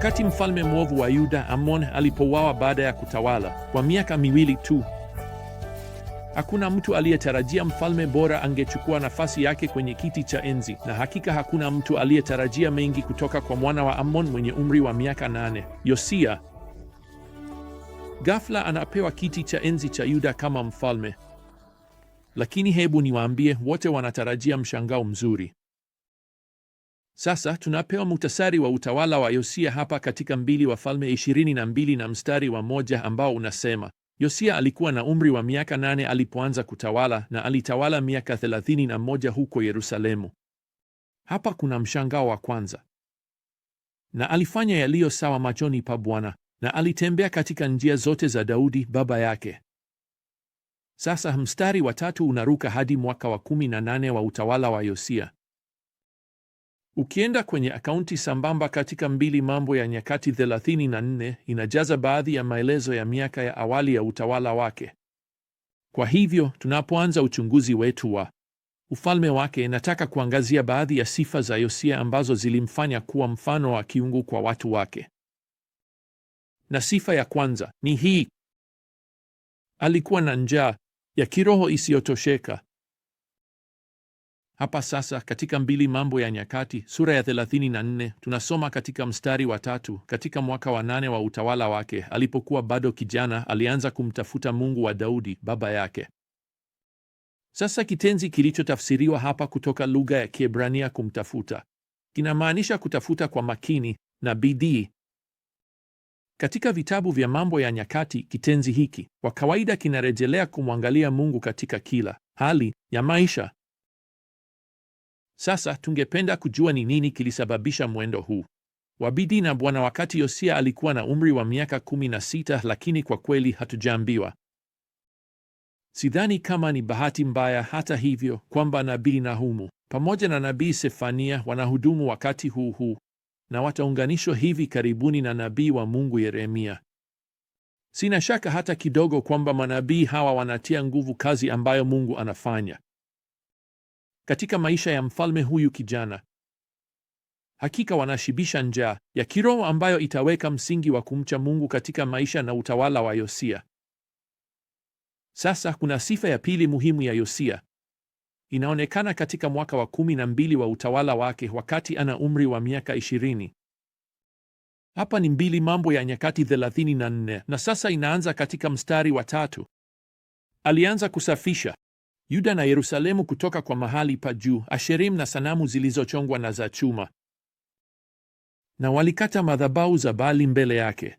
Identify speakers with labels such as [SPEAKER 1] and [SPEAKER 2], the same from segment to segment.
[SPEAKER 1] Wakati mfalme mwovu wa Yuda Amon alipowawa baada ya kutawala kwa miaka miwili tu, hakuna mtu aliyetarajia mfalme bora angechukua nafasi yake kwenye kiti cha enzi, na hakika hakuna mtu aliyetarajia mengi kutoka kwa mwana wa Amon mwenye umri wa miaka nane, Yosia. Ghafla anapewa kiti cha enzi cha Yuda kama mfalme. Lakini hebu niwaambie, wote wanatarajia mshangao mzuri. Sasa tunapewa muhtasari wa utawala wa Yosia hapa katika mbili Wafalme 22 na mstari wa moja ambao unasema Yosia alikuwa na umri wa miaka nane alipoanza kutawala na alitawala miaka 31 huko Yerusalemu. Hapa kuna mshangao wa kwanza. Na alifanya yaliyo sawa machoni pa Bwana na alitembea katika njia zote za Daudi baba yake. Sasa mstari wa tatu unaruka hadi mwaka wa 18 wa utawala wa Yosia. Ukienda kwenye akaunti sambamba katika mbili Mambo ya Nyakati 34 inajaza baadhi ya maelezo ya miaka ya awali ya utawala wake. Kwa hivyo tunapoanza uchunguzi wetu wa ufalme wake, nataka kuangazia baadhi ya sifa za Yosia ambazo zilimfanya kuwa mfano wa kiungu kwa watu wake. Na sifa ya kwanza ni hii: alikuwa na njaa ya kiroho isiyotosheka. Hapa sasa katika mbili Mambo ya Nyakati sura ya 34 tunasoma katika mstari wa tatu, katika mwaka wa nane wa utawala wake, alipokuwa bado kijana, alianza kumtafuta Mungu wa Daudi baba yake. Sasa kitenzi kilichotafsiriwa hapa kutoka lugha ya Kiebrania kumtafuta kinamaanisha kutafuta kwa makini na bidii. Katika vitabu vya Mambo ya Nyakati, kitenzi hiki kwa kawaida kinarejelea kumwangalia Mungu katika kila hali ya maisha. Sasa tungependa kujua ni nini kilisababisha mwendo huu wa bidii na Bwana wakati Yosia alikuwa na umri wa miaka kumi na sita, lakini kwa kweli hatujaambiwa. Sidhani kama ni bahati mbaya hata hivyo kwamba nabii Nahumu pamoja na nabii Sefania wanahudumu wakati huu huu na wataunganishwa hivi karibuni na nabii wa Mungu Yeremia. Sina shaka hata kidogo kwamba manabii hawa wanatia nguvu kazi ambayo Mungu anafanya katika maisha ya mfalme huyu kijana. Hakika wanashibisha njaa ya kiroho ambayo itaweka msingi wa kumcha Mungu katika maisha na utawala wa Yosia. Sasa kuna sifa ya pili muhimu ya Yosia. Inaonekana katika mwaka wa kumi na mbili wa utawala wake wakati ana umri wa miaka ishirini. Hapa ni mbili Mambo ya Nyakati 34 na sasa inaanza katika mstari wa tatu. Alianza kusafisha Yuda na Yerusalemu kutoka kwa mahali pa juu, Asherim na sanamu zilizochongwa na za chuma, na walikata madhabau za Baali mbele yake.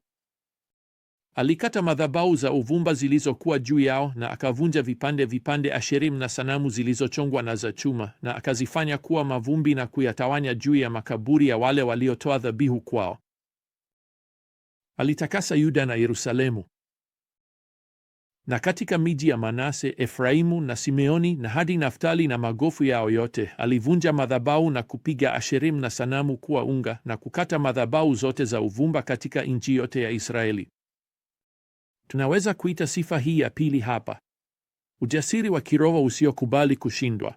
[SPEAKER 1] Alikata madhabau za uvumba zilizokuwa juu yao, na akavunja vipande vipande Asherim na sanamu zilizochongwa na za chuma, na akazifanya kuwa mavumbi na kuyatawanya juu ya makaburi ya wale waliotoa dhabihu kwao. Alitakasa Yuda na Yerusalemu na katika miji ya Manase, Efraimu na Simeoni na hadi Naftali na magofu yao yote, alivunja madhabahu na kupiga Asherimu na sanamu kuwa unga na kukata madhabahu zote za uvumba katika nchi yote ya Israeli. Tunaweza kuita sifa hii ya pili hapa ujasiri wa kiroho usiokubali kushindwa.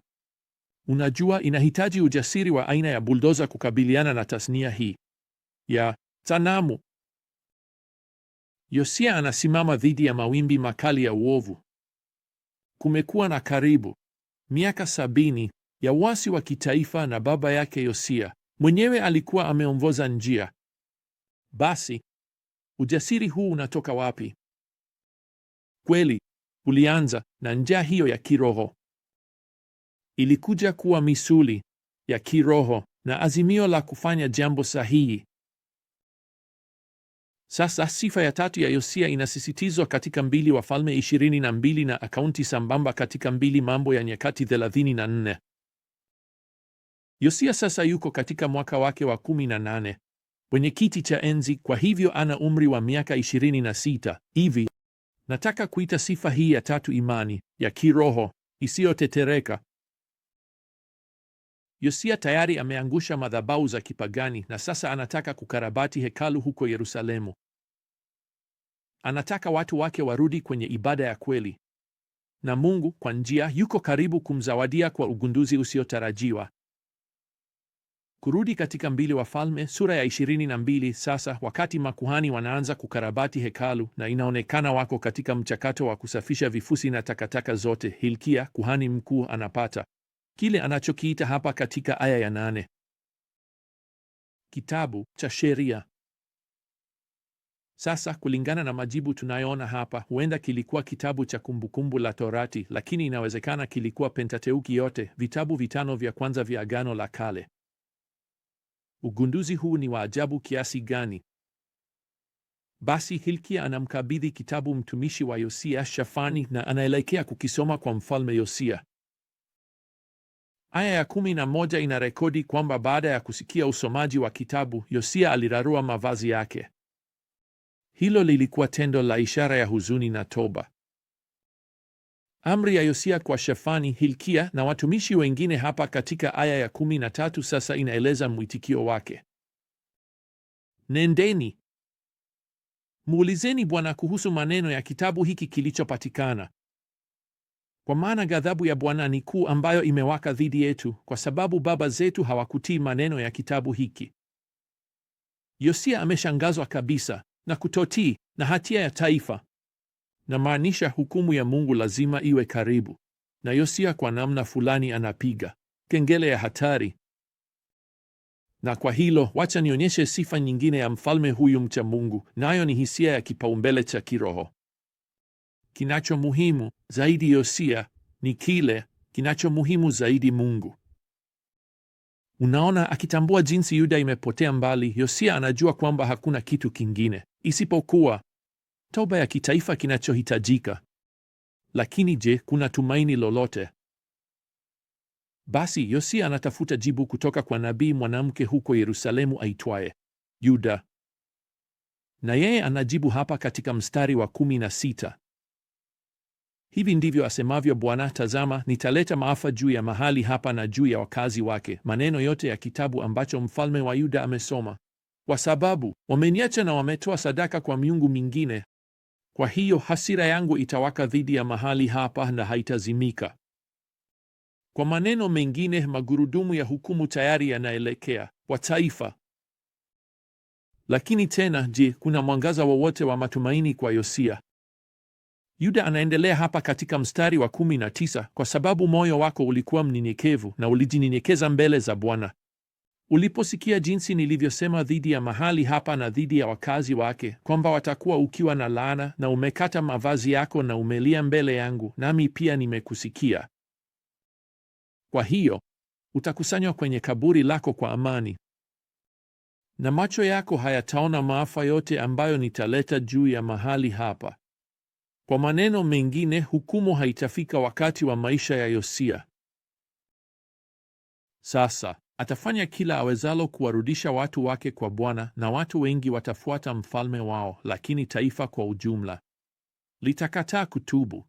[SPEAKER 1] Unajua, inahitaji ujasiri wa aina ya buldoza kukabiliana na tasnia hii ya sanamu. Yosia anasimama dhidi ya mawimbi makali ya uovu. Kumekuwa na karibu miaka sabini ya uasi wa kitaifa, na baba yake Yosia mwenyewe alikuwa ameongoza njia. Basi ujasiri huu unatoka wapi? Kweli ulianza na njaa hiyo ya kiroho, ilikuja kuwa misuli ya kiroho na azimio la kufanya jambo sahihi sasa sifa ya tatu ya Yosia inasisitizwa katika mbili Wafalme 22 na akaunti sambamba katika mbili Mambo ya Nyakati 34. Yosia sasa yuko katika mwaka wake wa 18 kwenye kiti cha enzi, kwa hivyo ana umri wa miaka 26 hivi. Nataka kuita sifa hii ya tatu imani ya kiroho isiyotetereka. Yosia tayari ameangusha madhabahu za kipagani na sasa anataka kukarabati hekalu huko Yerusalemu. Anataka watu wake warudi kwenye ibada ya kweli, na Mungu kwa njia, yuko karibu kumzawadia kwa ugunduzi usiotarajiwa. Kurudi katika mbili Wafalme sura ya 22. Sasa wakati makuhani wanaanza kukarabati hekalu na inaonekana wako katika mchakato wa kusafisha vifusi na takataka zote, Hilkia kuhani mkuu anapata kile anachokiita hapa katika aya ya nane kitabu cha sheria. Sasa kulingana na majibu tunayoona hapa, huenda kilikuwa kitabu cha kumbukumbu la Torati, lakini inawezekana kilikuwa Pentateuki yote, vitabu vitano vya kwanza vya Agano la Kale. Ugunduzi huu ni wa ajabu kiasi gani! Basi Hilkia anamkabidhi kitabu mtumishi wa Yosia Shafani na anaelekea kukisoma kwa mfalme Yosia. Aya ya kumi na moja inarekodi kwamba baada ya kusikia usomaji wa kitabu, Yosia alirarua mavazi yake. Hilo lilikuwa tendo la ishara ya huzuni na toba. Amri ya Yosia kwa Shafani, Hilkia na watumishi wengine hapa katika aya ya kumi na tatu sasa inaeleza mwitikio wake: Nendeni, muulizeni Bwana kuhusu maneno ya kitabu hiki kilichopatikana, kwa maana ghadhabu ya Bwana ni kuu, ambayo imewaka dhidi yetu, kwa sababu baba zetu hawakutii maneno ya kitabu hiki. Yosia ameshangazwa kabisa na kutotii na hatia ya taifa. Namaanisha hukumu ya Mungu lazima iwe karibu, na Yosia kwa namna fulani anapiga kengele ya hatari. Na kwa hilo, wacha nionyeshe sifa nyingine ya mfalme huyu mcha Mungu, nayo na ni hisia ya kipaumbele cha kiroho. Kinacho muhimu zaidi Yosia ni kile kinacho muhimu zaidi Mungu. Unaona, akitambua jinsi Yuda imepotea mbali, Yosia anajua kwamba hakuna kitu kingine isipokuwa toba ya kitaifa kinachohitajika. Lakini je, kuna tumaini lolote? Basi Yosia anatafuta jibu kutoka kwa nabii mwanamke huko Yerusalemu aitwaye Yuda, na yeye anajibu hapa katika mstari wa kumi na sita. Hivi ndivyo asemavyo Bwana: Tazama, nitaleta maafa juu ya mahali hapa na juu ya wakazi wake, maneno yote ya kitabu ambacho mfalme wa Yuda amesoma kwa sababu wameniacha na wametoa sadaka kwa miungu mingine. Kwa hiyo hasira yangu itawaka dhidi ya mahali hapa na haitazimika. Kwa maneno mengine, magurudumu ya hukumu tayari yanaelekea kwa taifa. Lakini tena, je, kuna mwangaza wowote wa, matumaini kwa Yosia? Yuda anaendelea hapa katika mstari wa 19, kwa sababu moyo wako ulikuwa mnyenyekevu na ulijinyenyekeza mbele za Bwana Uliposikia jinsi nilivyosema dhidi ya mahali hapa na dhidi ya wakazi wake, kwamba watakuwa ukiwa na laana, na umekata mavazi yako na umelia mbele yangu, nami pia nimekusikia. Kwa hiyo utakusanywa kwenye kaburi lako kwa amani, na macho yako hayataona maafa yote ambayo nitaleta juu ya mahali hapa. Kwa maneno mengine, hukumu haitafika wakati wa maisha ya Yosia. Sasa Atafanya kila awezalo kuwarudisha watu wake kwa Bwana, na watu wengi watafuata mfalme wao, lakini taifa kwa ujumla litakataa kutubu.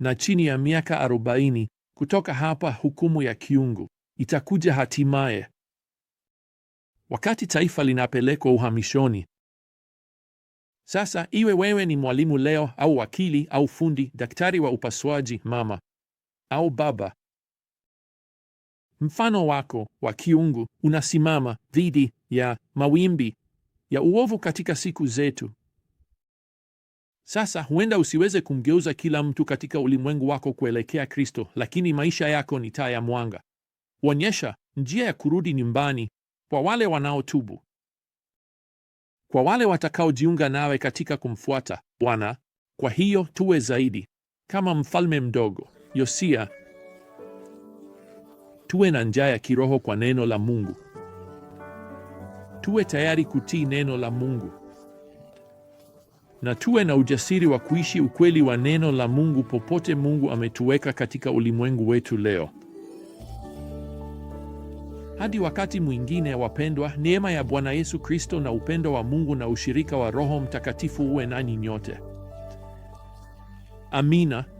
[SPEAKER 1] Na chini ya miaka arobaini kutoka hapa, hukumu ya kiungu itakuja hatimaye, wakati taifa linapelekwa uhamishoni. Sasa iwe wewe ni mwalimu leo au wakili au fundi, daktari wa upasuaji, mama au baba mfano wako wa kiungu unasimama dhidi ya mawimbi ya uovu katika siku zetu. Sasa huenda usiweze kumgeuza kila mtu katika ulimwengu wako kuelekea Kristo, lakini maisha yako ni taa ya mwanga, huonyesha njia ya kurudi nyumbani kwa wale wanaotubu, kwa wale watakaojiunga nawe katika kumfuata Bwana. Kwa hiyo tuwe zaidi kama mfalme mdogo Yosia. Tuwe na njaa ya kiroho kwa neno la Mungu. Tuwe tayari kutii neno la Mungu na tuwe na ujasiri wa kuishi ukweli wa neno la Mungu popote Mungu ametuweka katika ulimwengu wetu leo. Hadi wakati mwingine, wapendwa, neema ya Bwana Yesu Kristo na upendo wa Mungu na ushirika wa Roho Mtakatifu uwe nanyi nyote. Amina.